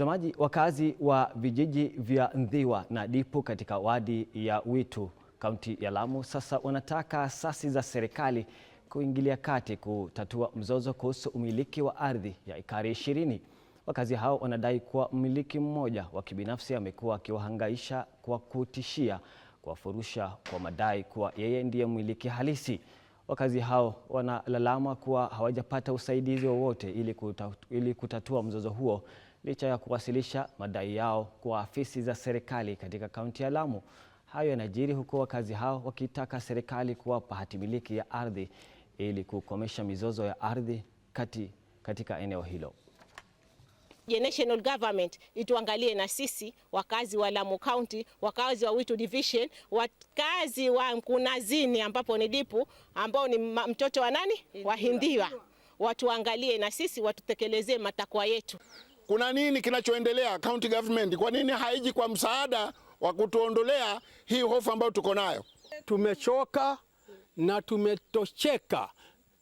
Mtazamaji, wakazi wa vijiji vya Ndhiwa na Dipo katika wadi ya Witu kaunti ya Lamu sasa wanataka asasi za serikali kuingilia kati kutatua mzozo kuhusu umiliki wa ardhi ya ekari ishirini. Wakazi hao wanadai kuwa mmiliki mmoja wa kibinafsi amekuwa akiwahangaisha kwa kutishia kuwafurusha kwa madai kuwa yeye ndiye mmiliki halisi. Wakazi hao wanalalama kuwa hawajapata usaidizi wowote ili kutatua mzozo huo licha ya kuwasilisha madai yao kwa afisi za serikali katika kaunti ya Lamu. Hayo yanajiri huku wakazi hao wakitaka serikali kuwapa hatimiliki ya ardhi ili kukomesha mizozo ya ardhi kati katika eneo hilo. The national government ituangalie na sisi wakazi wa Lamu County, wakazi wa Witu Division, wakazi wa Mkunazini ambapo ni Dipu ambao ni mtoto wa nani, wahindiwa, watuangalie na sisi watutekelezee matakwa yetu kuna nini kinachoendelea county government? Kwa nini haiji kwa msaada wa kutuondolea hii hofu ambayo tuko nayo? Tumechoka na tumetocheka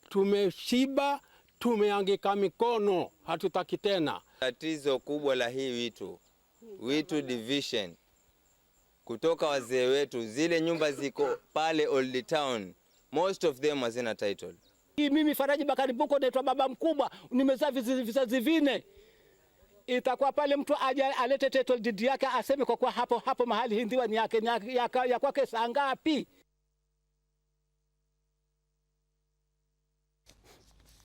tumeshiba, tumeangika mikono, hatutaki tena. Tatizo kubwa la hii Witu, Witu division kutoka wazee wetu, zile nyumba ziko pale Old Town, most of them hazina title. Mimi Faraji Bakari Buko naitwa baba mkubwa, nimezaa vizazi vine itakuwa pale mtu aje alete title deed yake aseme kwa kuwa hapo hapo mahali hii ndiwa ni yake ya kwake saa ngapi?